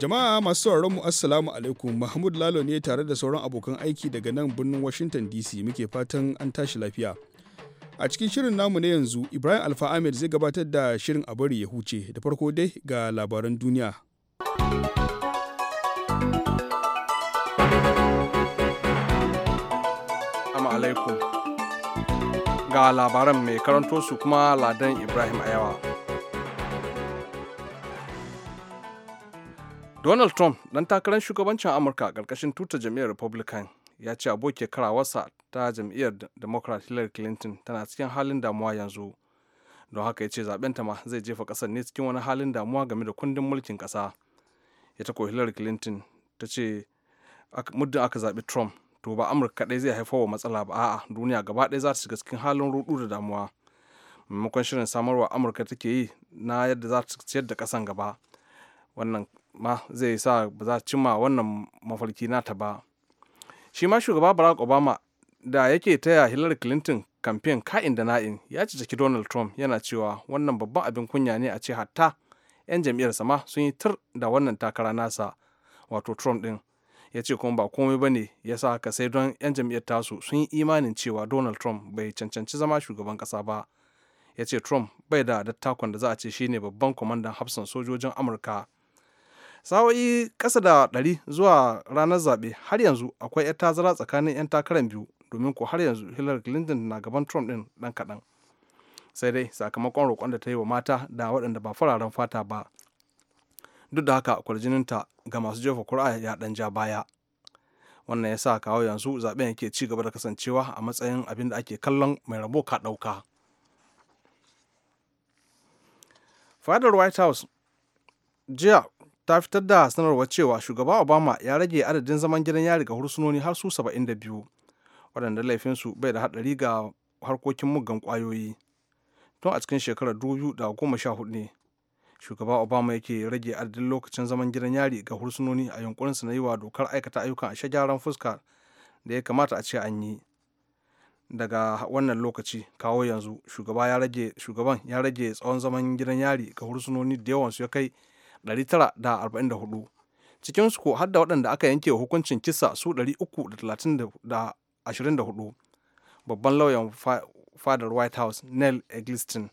Jama'a masu sauraron mu Assalamu alaikum Mahmud Lalo ne tare da sauran abokan aiki daga nan birnin Washington DC muke fatan an tashi lafiya. A cikin shirin namu na yanzu Ibrahim Alfa Ahmed zai gabatar da shirin a bari ya huce da farko dai ga labaran duniya. alaikum. Ga labaran mai karanto su kuma Ladan Ibrahim Ayawa. donald trump dan takarar shugabancin amurka karkashin ƙarƙashin tuta jam'iyyar republican ya ce abokiyar karawarsa ta jam'iyyar democrat hillary clinton tana cikin halin damuwa yanzu don haka ya ce ta ma zai jefa ƙasar ne cikin wani halin damuwa game da kundin mulkin ƙasa ya tako hillary clinton ta ce muddin aka zaɓi trump to ba amurka kaɗai zai haifar wa matsala ba a'a duniya gaba ɗaya za ta shiga cikin halin ruɗu da damuwa maimakon shirin samarwa amurka take yi na yadda za ta ciyar da ƙasan gaba wannan ma zai sa ba za cimma wannan mafarki nata ba shi ma shugaba barack obama da yake taya hillary clinton kamfen ka'in da na'in ya ciciki donald trump yana cewa wannan babban abin kunya ne a ce hatta 'yan jam'iyyar sama sun yi tur da wannan takara nasa wato trump din ya ce kuma ba komai ba ne ya sa haka sai don 'yan jam'iyyar tasu sun yi imanin cewa donald trump bai cancanci zama shugaban kasa ba ya ce trump bai da dattakon da za a ce ne babban kwamandan hafsan sojojin amurka sa'o'i kasa da ɗari zuwa ranar zaɓe har yanzu akwai ya tazara tsakanin 'yan takarar biyu domin ko har yanzu hillary clinton na gaban trump ɗin ɗan kaɗan sai dai sakamakon roƙon da ta yi wa mata da waɗanda ba fararen fata ba duk da haka kwarjininta ga masu jefa kuri'a ya ɗan ja baya wannan ya sa kawo yanzu zaɓen yake ci gaba da kasancewa a matsayin abin da ake kallon mai rabo ka ɗauka fadar white house jiya ta fitar da sanarwar cewa shugaba obama ya rage adadin zaman gidan yari ga hursunoni har su 72 waɗanda laifinsu bai da haɗari ga harkokin muggan ƙwayoyi tun a cikin shekarar 2014 ne shugaba obama yake rage adadin lokacin zaman gidan yari ga hursunoni a yunkurinsa na yi wa dokar aikata ayyukan a gyaran fuska da ya kamata a ce an yi daga wannan lokaci kawo yanzu shugaba ya rage shugaban ya rage tsawon zaman gidan yari ga hursunoni da yawansu ya kai 944 cikin ko har da waɗanda aka yanke hukuncin kisa su 324 babban lauyan fadar white house nell eglinton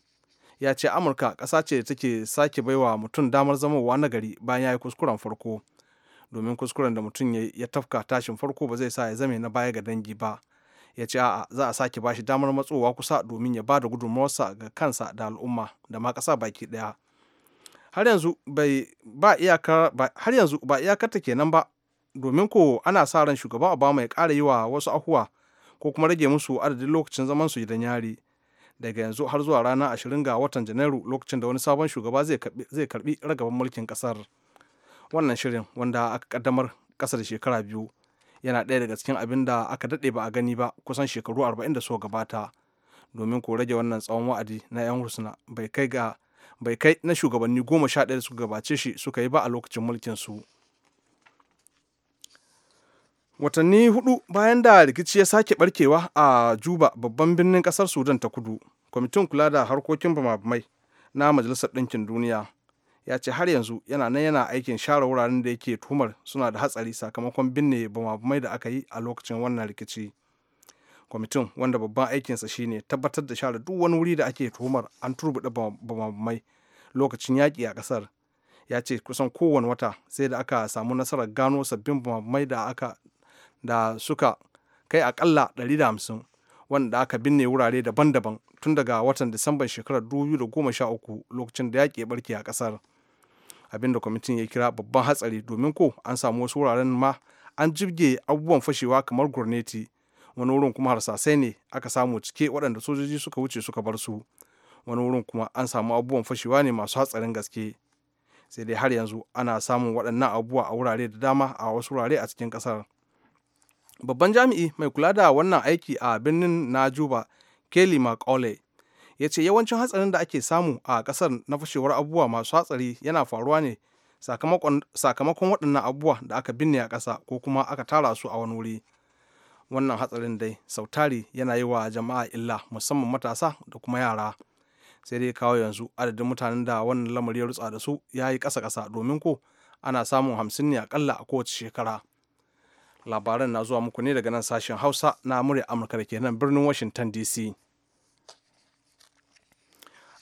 ya ce amurka ƙasa ce da take sake baiwa mutum damar zamowa na gari bayan ya yi kuskuren farko domin kuskuren da mutum ya tafka tashin farko ba zai sa ya zame na baya ga dangi ba ya ce a'a za a sake bashi damar matsowa kusa domin ya ba da gudunmawarsa ga kansa da al'umma da ma ƙasa baki ɗaya har yanzu ba iyakar ta kenan ba domin ko ana sa ran shugaba obama ya kara yi wa wasu ahuwa ko kuma rage musu adadin lokacin zaman su idan yari daga yanzu har zuwa ranar ashirin ga watan janairu lokacin da wani sabon shugaba zai karbi ragaban mulkin kasar wannan shirin wanda aka kaddamar kasa da shekara biyu yana ɗaya daga cikin abin da aka daɗe ba a gani ba kusan shekaru arba'in da suka gabata domin ko rage wannan tsawon wa'adi na 'yan hursuna bai kai ga bai kai na shugabanni goma sha ɗaya da suka gabace shi suka yi ba a lokacin mulkin su watanni hudu bayan da rikici ya sake barkewa a juba babban birnin kasar sudan ta kudu kwamitin kula da harkokin bamabamai na majalisar ɗinkin duniya ya ce har yanzu yana nan yana aikin share wuraren da yake tuhumar suna da hatsari sakamakon binne bamabamai da aka yi a lokacin wannan rikici kwamitin wanda babban aikinsa shine tabbatar da share duk wani wuri da ake tuhumar an turbuɗe bamamai lokacin yaƙi a ƙasar ya ce kusan kowane wata sai da aka samu nasarar gano sabbin bamamai da aka da suka kai akalla 150 wanda aka binne wurare daban-daban tun daga watan disamban shekarar 2013 lokacin da yaƙi barke a ƙasar abin da kwamitin ya kira babban hatsari domin ko an samu wasu wuraren ma an jibge abubuwan fashewa kamar gurneti wani wurin kuma harsasai ne aka samu cike waɗanda sojoji suka wuce suka bar su wani wurin kuma an samu abubuwan fashewa ne masu hatsarin gaske sai dai har yanzu ana samun waɗannan abubuwa a wurare da dama a wasu wurare a cikin ƙasar babban jami'i mai kula da wannan aiki a birnin na juba kelly macaulay ya ce yawancin hatsarin da ake samu a ƙasar na fashewar abubuwa masu hatsari yana faruwa ne sakamakon waɗannan abubuwa da aka binne a ƙasa ko kuma aka tara su a wani wuri wannan hatsarin dai sautari yana yi wa jama'a illa musamman matasa da kuma yara sai dai kawo yanzu adadin mutanen da wannan lamari ya rutsa da su ya yi kasa ƙasa domin ko ana samun hamsin ne akalla a kowace shekara labaran na zuwa muku ne daga nan sashen hausa na murya amurka da ke nan birnin washington dc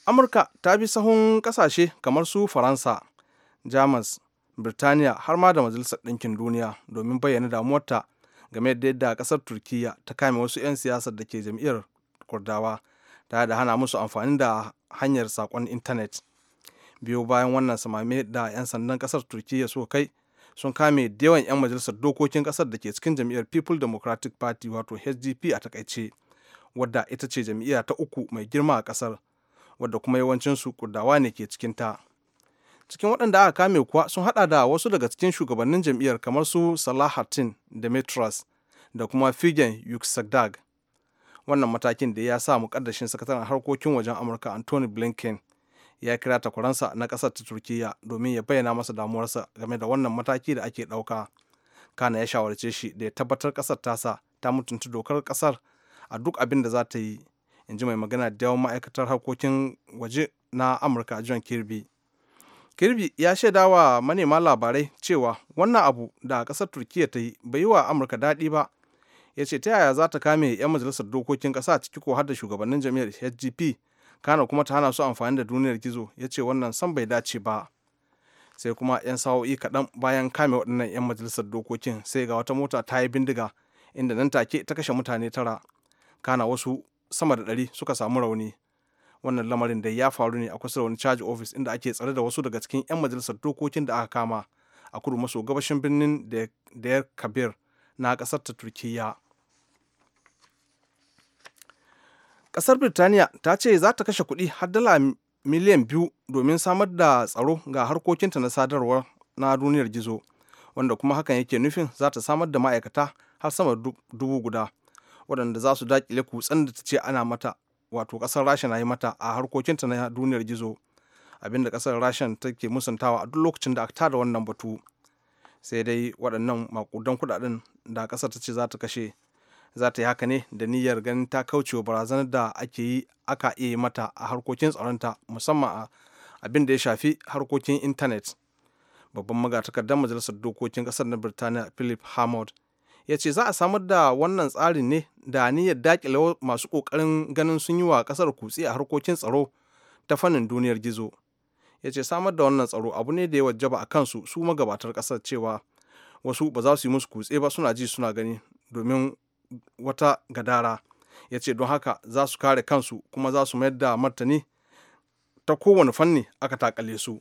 amurka ta bi sahun kasashe kamar su faransa jamus birtaniya har ma da majalisar ɗinkin duniya domin bayyana damuwarta game da yadda kasar turkiyya ta kame wasu 'yan siyasar da ke jam'iyyar kurdawa tare da hana musu amfani da hanyar sakon intanet biyu bayan wannan samame da 'yan sandan kasar turkiyya suka kai sun kame da yawan 'yan majalisar dokokin kasar da ke cikin jam'iyyar people democratic party wato hdp a takaice wadda ita ce jam'iyya ta uku mai girma a kasar wadda kuma yawancinsu kurdawa ne ke cikinta. ta cikin waɗanda aka kame kuwa sun hada da wasu daga cikin shugabannin jam'iyyar kamar su salahattin demetrius da kuma figen yuksagdag wannan matakin da ya sa mukaddashin sakataren harkokin wajen amurka anthony blinken ya kira takwaransa na ƙasar ta turkiyya domin ya bayyana masa damuwarsa game da wannan mataki da ake ɗauka kana ya shawarce shi da ya tabbatar ƙasar tasa ta mutunta dokar ƙasar a duk abin da za ta yi in ji mai magana da yawan ma'aikatar harkokin waje na amurka john kirby kirby ya shaida wa manema labarai cewa wannan abu da kasar turkiya ta yi bai yi wa amurka daɗi ba ya ce ta yaya za ta kame 'yan majalisar dokokin ƙasa ciki ko har da shugabannin jami'ar hgp kana kuma ta hana su amfani da duniyar gizo ya ce wannan san bai dace ba sai kuma 'yan sa'o'i kaɗan bayan kame waɗannan 'yan majalisar dokokin sai ga wata mota ta yi bindiga inda nan take ta kashe mutane tara kana wasu sama da ɗari suka samu rauni wannan lamarin da ya faru ne a kusa da wani charge office inda ake tsare da wasu daga cikin 'yan majalisar dokokin da aka kama a kudu maso gabashin birnin da kabir na kasar ta turkiyya kasar birtaniya ta ce za ta kashe kuɗi har dala miliyan biyu domin samar da tsaro ga harkokinta na sadarwar na duniyar gizo wanda kuma hakan yake nufin za ta samar da ma'aikata har sama dubu guda waɗanda za su daƙile kutsen da ta ce ana mata wato kasar rasha na yi mata a harkokinta na duniyar gizo abinda kasar rasha take musantawa a duk lokacin da aka tada wannan batu sai dai waɗannan makudan kuɗaɗen da ƙasar ta ce za ta kashe za ta yi haka ne da niyyar ganin ta kaucewa barazanar da ake yi aka iya yi mata a harkokin tsaronta musamman a abin da ya shafi harkokin intanet babban magatakardar majalisar dokokin ƙasar na birtaniya philip hammond ya ce za a samar da wannan tsarin ne da niyyar dakile masu kokarin ganin sun yi wa kasar kutse a harkokin tsaro ta fannin duniyar gizo ya ce samar da wannan tsaro abu ne da ya wajaba a kansu su magabatar kasar cewa wasu ba za su yi musu kutse ba suna ji suna gani domin wata gadara ya ce don haka za su kare kansu kuma za su mayar da martani ta kowane fanni aka takale su.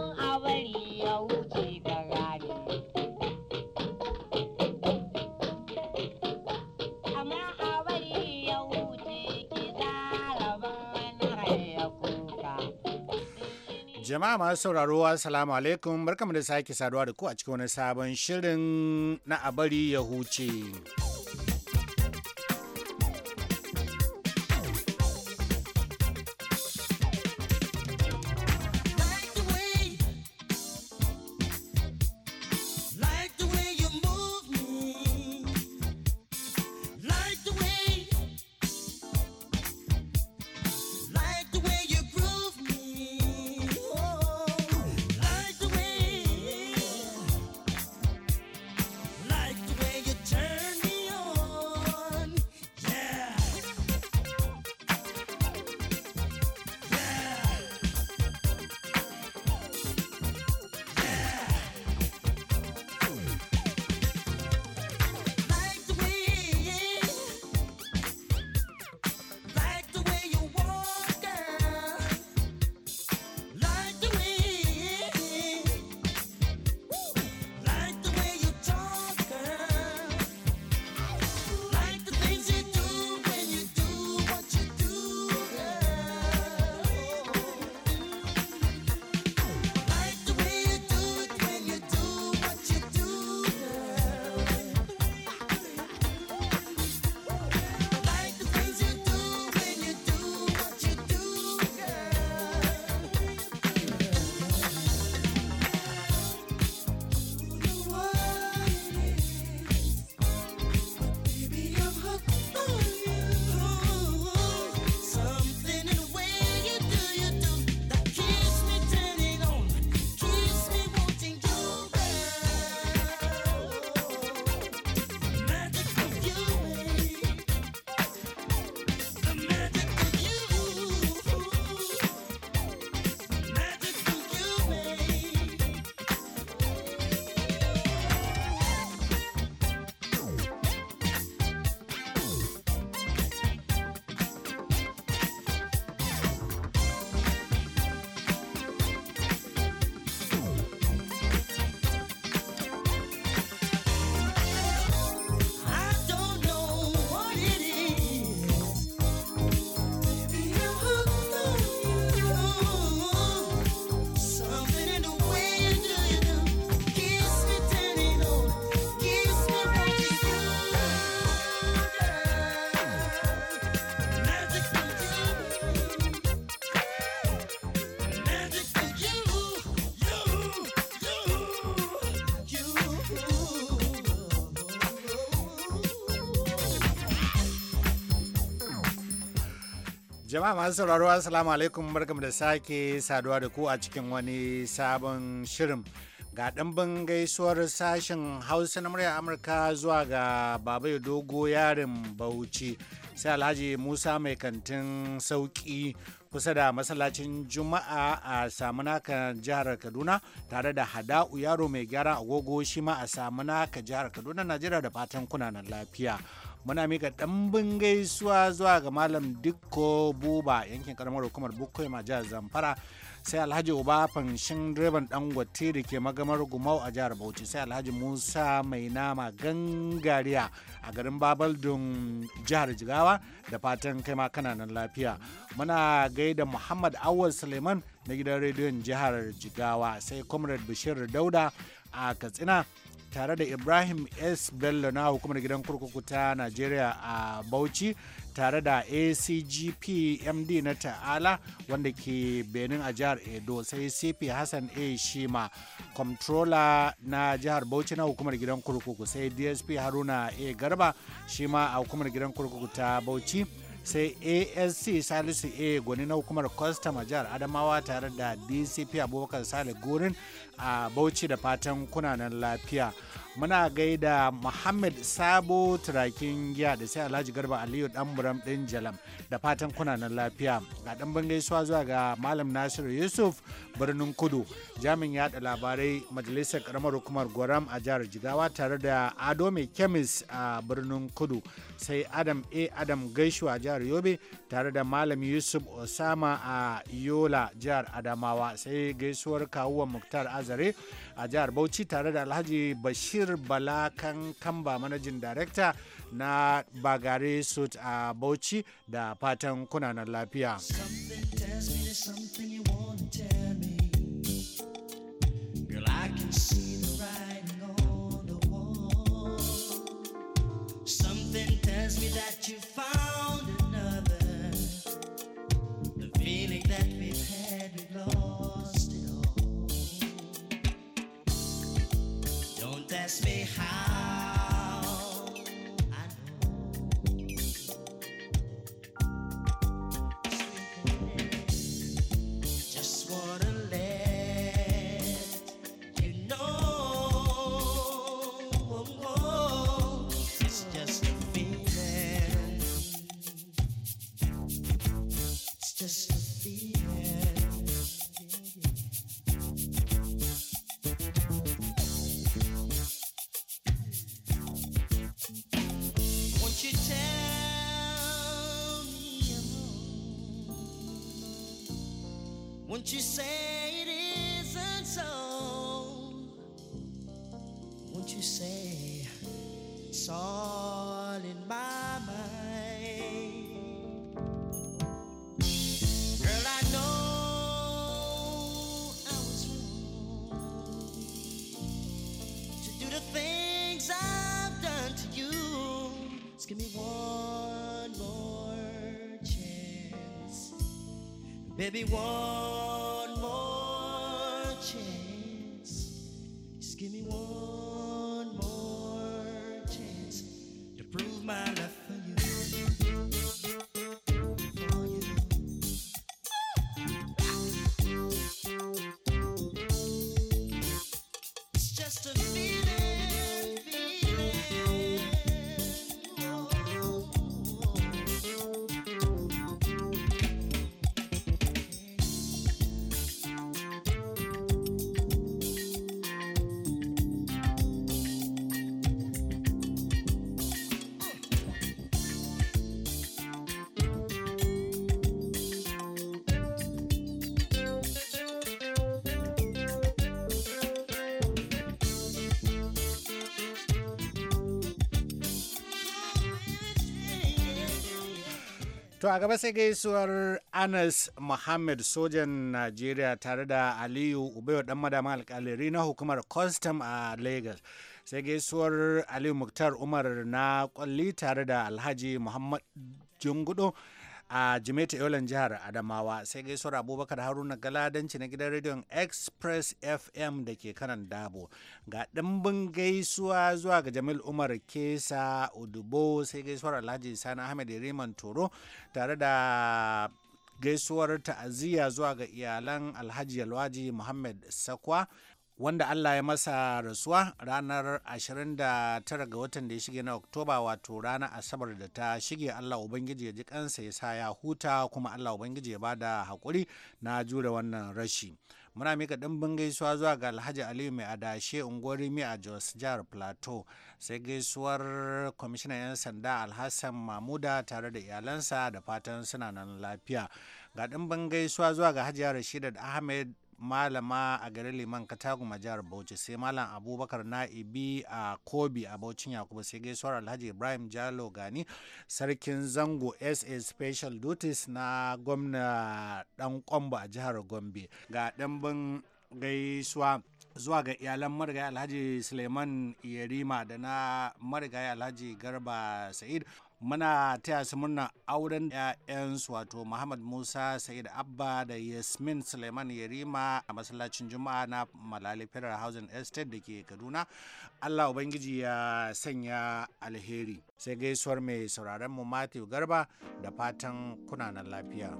Jama'a masu sauraro assalamu alaikum barkamu da sake saduwa da ku a cikin wani sabon shirin na abari ya huce. Jama'a masu sauraro Assalamu alaikum barkamu da sake saduwa da ku a cikin wani sabon shirin. Ga ɗimbin gaisuwar sashen Hausa na murya Amurka zuwa ga Babai Dogo yarin Bauchi sai Alhaji Musa mai kantin sauki kusa da masallacin Juma'a a Samunaka jihar Kaduna tare da Hada'u Yaro mai gyara agogo shima ma a Samunaka jihar Kaduna Najeriya da fatan kunanan lafiya. muna mika ɗanbin gaisuwa zuwa ga malam dikko buba yankin karamar hukumar bukkoi ma jihar zamfara sai alhaji uba fanshin direban dangote da ke magamar gumau a jihar bauchi sai alhaji musa mai nama gangariya a garin babaldun jihar jigawa da fatan kai ma kananan lafiya muna gaida muhammad awal suleiman na gidan rediyon jihar jigawa sai comrade bashir dauda a katsina tare da ibrahim s bello na hukumar gidan kurkuku ta najeriya a bauchi tare da acgp md na ta'ala wanda ke benin a jihar edo sai cp hassan a shima comptroller na jihar bauchi na hukumar gidan kurkuku sai dsp haruna a garba shima a hukumar gidan kurkuku ta bauchi sai asc salisu a gwani na hukumar kwastam a jihar adamawa tare da dcp abubakar sale gurin a Bauchi da fatan kunanan lafiya. Muna gaida Muhammad Sabo Turakin Giya da sai Alhaji Garba Aliyu buram ɗin Jalam da fatan kunanan lafiya. Ga ɗan gaisuwa zuwa ga Malam Nasiru Yusuf birnin Kudu, jamin yada labarai Majalisar Karamar Hukumar Gwaram a Jihar Jigawa tare da Ado Mai Kemis a birnin Kudu, sai Adam A. Adam Gaishu a Jihar Yobe tare da Malam Yusuf Osama a Yola Jihar Adamawa, sai gaisuwar kawuwan Muktar az zare a jihar bauchi tare da alhaji bashir bala kan kamba manajin darekta na bagare suit a bauchi da fatan kunanan lafiya me that you found. me how. Don't you say it isn't so. Won't you say it's all in my mind? Girl, I know I was wrong to do the things I've done to you. Just give me one more chance, baby. One. to feel. To a gaba sai gaisuwar Anas Muhammad sojan Najeriya tare da Aliyu Ubayo dan madama alkaliri na hukumar Custom a Lagos. Sai gaisuwar Aliyu Muktar Umar na kwalli tare da Alhaji Muhammad Jungudo a jimeta yolan jihar adamawa sai gaisuwar abubakar haruna galadanci na gidan rediyon express fm da ke kanan dabo ga ɗimbin gaisuwa zuwa ga jamil umar kesa udubo sai gaisuwar alhaji sani ahmed riman toro tare da gaisuwar ta'aziyya zuwa ga iyalan alhaji alwaji muhammad sakwa wanda Allah ya masa rasuwa ranar 29 ga watan da ya shige na Oktoba wato ranar Asabar da ta shige Allah Ubangiji ya ji kansa ya sa ya huta kuma Allah Ubangiji ya ba da haƙuri na jure wannan rashi. Muna mika ɗimbin gaisuwa zuwa ga Alhaji Aliyu mai adashe unguwarimi a Jos Jihar Plateau sai gaisuwar kwamishinan 'yan sanda Alhassan Mamuda tare da iyalansa da fatan suna nan lafiya. Ga ɗimbin gaisuwa zuwa ga Hajiya Rashidat Ahmed malama a garin liman a jihar bauchi sai malam abubakar na'ibi a kobi a bauchin yakubu sai gaisuwar alhaji ibrahim jalo gani sarkin zango sa special duties na gwamna dan kwambo a jihar gombe ga ɗanbin gaisuwa zuwa ga iyalan marigayi alhaji suleiman yarima da na marigayi alhaji garba sa'id muna taya su murnar auren 'ya'yansu wato muhammad musa sa'id abba da yasmin suleiman yarima a masallacin juma'a na malali federal housing estate da ke kaduna allah ubangiji ya sanya alheri sai gaisuwar mai sauraron mu matthew garba da fatan kunanan lafiya.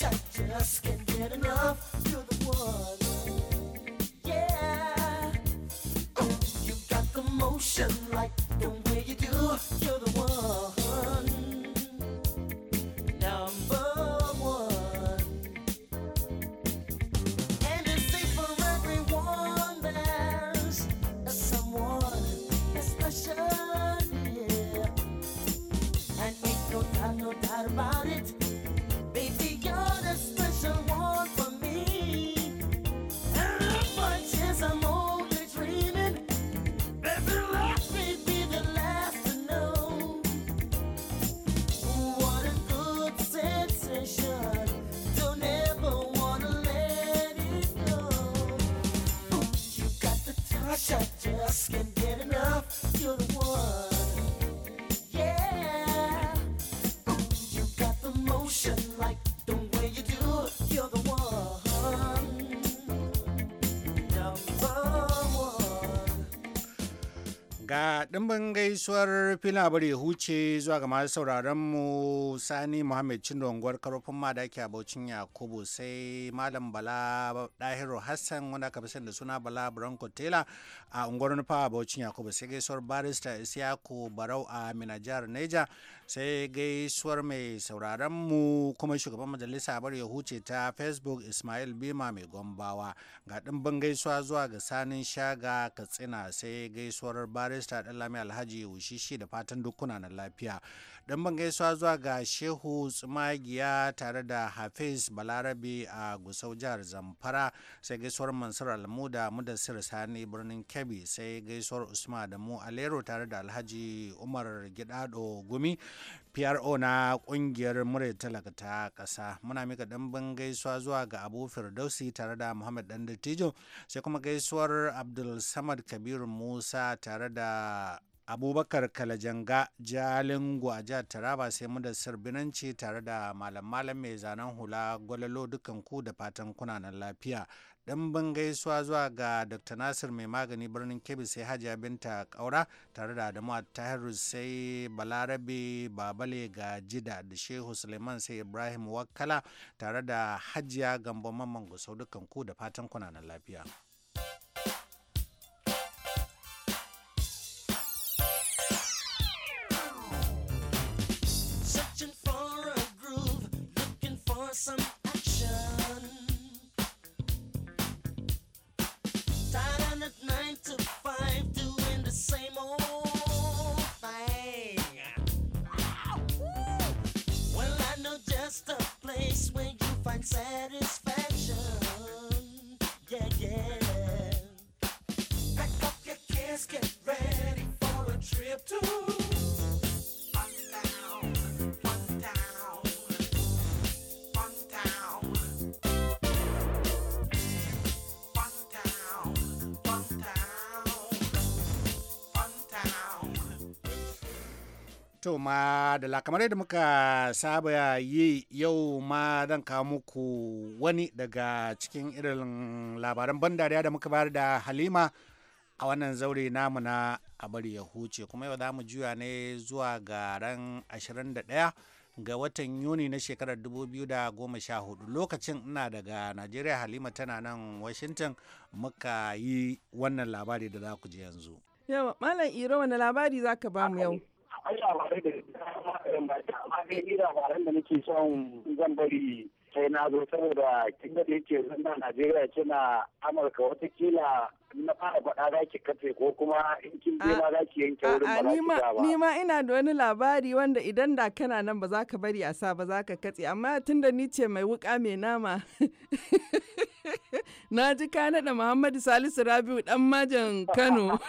I just can't get enough. I just can't get enough. You're the one. Ga ɗimbin gaisuwar fina bari huce zuwa ga masu sauraron mu Sani karofin ma karfin madaki abocin Yakubu sai Malam Bala Dahiru Hassan wanda ka fi da suna Bala Branko Taylor a unguwar nufa abocin Yakubu sai gaisuwar barista Isiyaku Barau a minajar jihar Neja sai gaisuwar mai sauraron mu kuma shugaban majalisa bar ya huce ta facebook ismail bima mai gombawa ga dimbin gaisuwa zuwa ga sanin shaga katsina sai gaisuwar barista dan lami alhaji wushishi da fatan dukkuna na lafiya ban gaisuwa zuwa ga shehu tsumagiya tare da hafiz balarabe a gusau jihar zamfara sai gaisuwar mansur almu da mudassir sani birnin kebbi sai gaisuwar usman adamu alero tare da alhaji umar gidado gumi PRO na kungiyar mure talaka ta kasa muna mika dambin gaisuwa zuwa ga Abu Firdausi tare da Muhammad Dan Dattijo sai kuma gaisuwar Abdul Samad Kabir Musa tare da abubakar kalajanga jalingo a jihar taraba sai mu da sirbinanci tare da malam malam mai zanen hula gwalalo dukan ku da fatan kunanan nan lafiya ɗimbin gaisuwa zuwa ga dr nasir mai magani birnin kebbi sai hajiya binta kaura tare da adamu tahiru sai balarabe babale ga jida da shehu suleiman sai ibrahim wakala tare da hajiya gambo mamman gusau dukanku da fatan kunanan lafiya. some To ma da kamar yadda muka saba yi yau ma zan kawo muku wani daga cikin irin labaran ban dariya da muka bayar da Halima a wannan zaure namu na a ya huce kuma yau za mu juya ne zuwa ga ran 21 ga watan Yuni na shekarar 2014 lokacin ina daga Najeriya Halima tana nan Washington muka yi wannan labari da za ku ji yanzu. Yawa, Malam Iro wani labari za ka ba mu yau? an labarai da amma dai ni labaran da nake son zan bari sai na zo saboda kin da yake zanna Najeriya kina Amurka wata watakila na fara faɗa za ki kafe ko kuma in kin je ma za ki yanke wurin ba za ki Ni ma ina da wani labari wanda idan da kana nan ba za ka bari a sa ba za ka katse amma tunda ni ce mai wuka mai nama na ji ka da Muhammadu Salisu Rabiu dan majin Kano.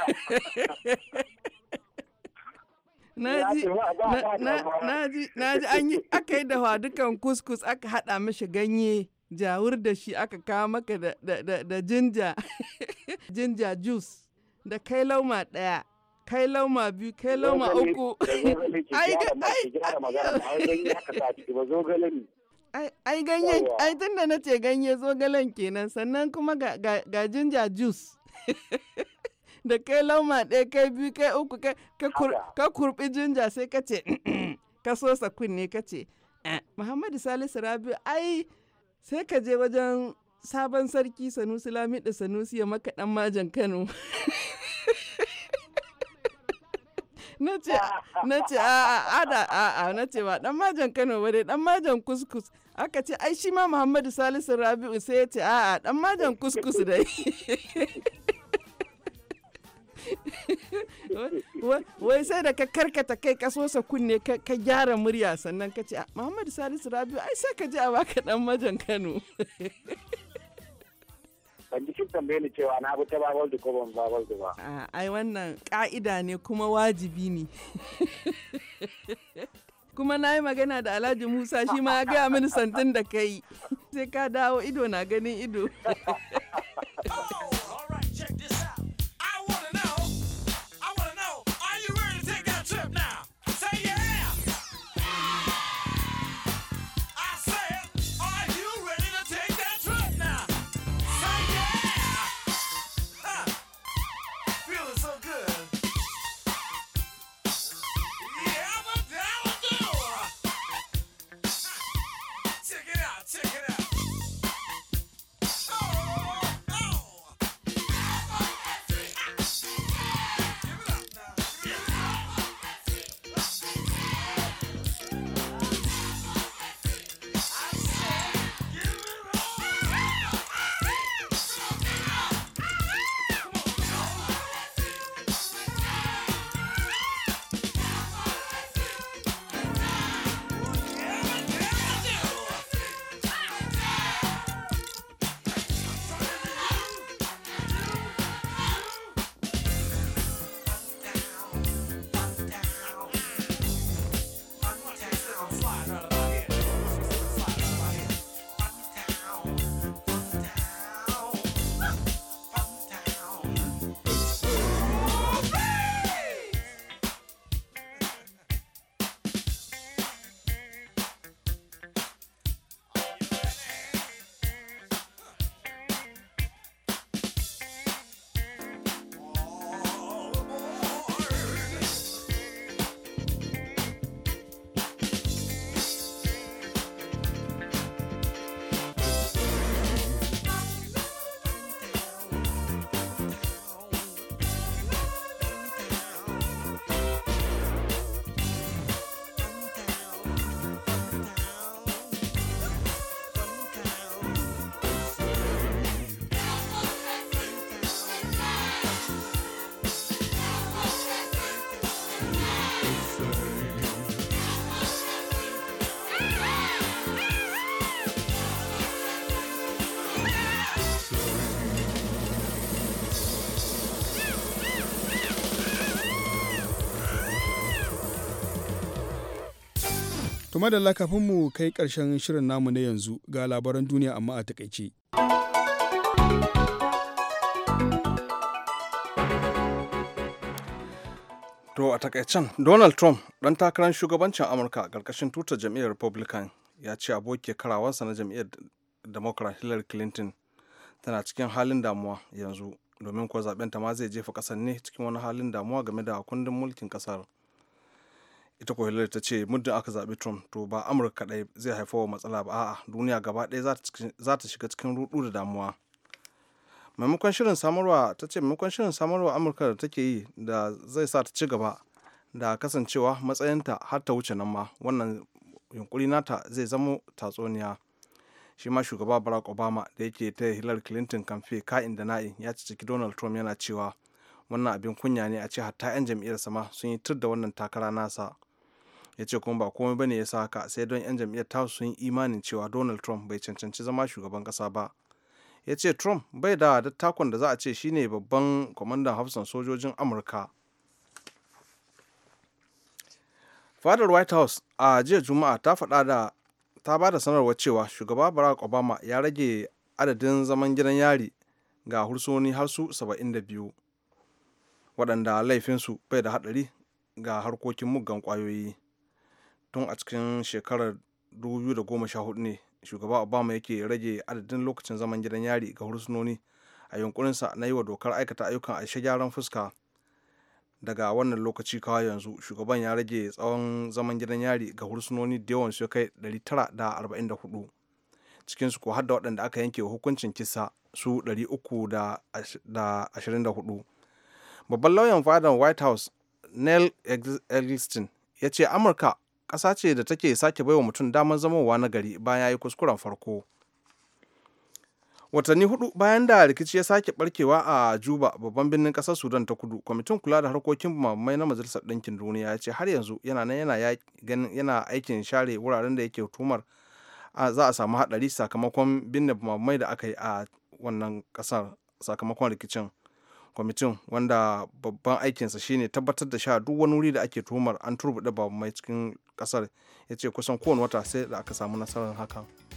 naji an yi aka yi dawa dukan kuskus aka haɗa mashi ganye jawur da shi aka kawo maka da jinja jinja juice da kai lauma ɗaya kai lauma biyu kai lauma uku ai ai ganyen ai tunda na ce ganye zogalen kenan sannan kuma ga jinja juice da kai lauma ɗaya kai biyu kai uku ka kurbi jinja sai ka ce ka sosa kunne ka ce eh, muhammadu salisu rabiu ai sai ka je wajen sabon sarki sanusi lamiɗa sanusi ya maka ɗan majan kano na ce a ada a a na ce ba dan majan Kano ba dai dan majan kuskus aka ce ai shi ma Muhammadu Salisu Rabi'u sai ya ce a a dan majan kuskus dai wai sai da ka karkata kai ka sosa kunne ka gyara murya sannan ka ce ah, Muhammadu Salisu Rabiu ai sai ka ji a baka dan majan Kano ban ji kin tambaye ni cewa na ta babal da ko ban babal da ba ai wannan ka'ida ne kuma wajibi ne kuma na yi magana da Alhaji Musa shi ma ya gaya mini santin da kai sai ka dawo ido na ganin ido Tuma da kafin mu kai karshen shirin namu na yanzu ga labaran duniya amma a takaice. To a takaicen Donald Trump ɗan takarar shugabancin Amurka a ƙarƙashin tutar jam'iyyar Republican ya ce aboki karawarsa na jam'iyyar Democrat Hillary Clinton tana cikin halin damuwa yanzu domin kuwa zaben ta ma zai jefa ƙasar ne cikin wani halin damuwa game da kundin mulkin ƙasar. ita ko hillary ta ce muddin aka zaɓi trump to ba amurka kaɗai zai haifa wa matsala ba a'a duniya gaba ɗaya za ta shiga cikin ruɗu da damuwa maimakon shirin samarwa ta ce maimakon shirin samarwa amurka da take yi da zai sa ta ci gaba da kasancewa matsayinta har ta wuce nan ma wannan yunkuri nata zai zama tatsuniya shi ma shugaba barack obama da yake ta hillary clinton kamfe ka'in da na'in ya ci ciki donald trump yana cewa wannan abin kunya ne a ce hatta 'yan jam'iyyar sama sun yi tur da wannan takara nasa ya ce kuma ba komai bane ya sa haka sai don 'yan jam'iyyar ta sun yi imanin cewa donald trump bai cancanci zama shugaban kasa ba ya ce trump bai da dattakon da za a ce shine babban kwamandan hafsan sojojin amurka fadar white house a jiya juma'a ta faɗa da ta ba da sanarwar cewa shugaba barack obama ya rage adadin zaman gidan yari ga hursoni har su 72 waɗanda laifinsu bai da haɗari ga harkokin muggan kwayoyi. tun a cikin shekarar 2014 ne shugaba obama yake rage adadin lokacin zaman gidan yari ga hursunoni a yunkurinsa na yi wa dokar aikata ayyukan aishe gyaran fuska daga wannan lokaci kawai yanzu shugaban ya rage tsawon zaman gidan yari ga hursunoni da yawan su kai 944 cikinsu ko har da waɗanda aka yanke hukuncin kisa su 324 babban lauyan fadar white house neil eggleston ya ce amurka ƙasa ce da take sake baiwa mutum damar zamowa na gari bayan ya yi kuskuren farko watanni hudu bayan da rikici ya sake barkewa a juba babban birnin ƙasar sudan ta kudu kwamitin kula da harkokin mamai na majalisar ɗinkin duniya ya ce har yanzu yana nan yana, yana aikin share wuraren da yake tumar za a samu haɗari sakamakon binne mamai da aka yi a wannan ƙasar sakamakon rikicin kwamitin wanda babban aikinsa shine tabbatar da sha duk wani wuri da ake tuhumar an turbuɗe babu mai cikin kasar ya ce kusan kowane wata sai da aka samu nasarar hakan.